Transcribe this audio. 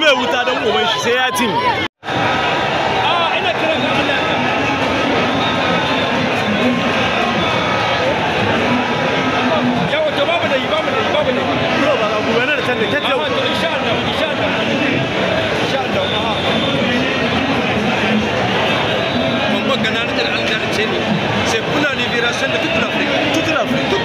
mai wuta don uban sai ya cinye C'est pour la libération de toute l'Afrique. Toute l'Afrique.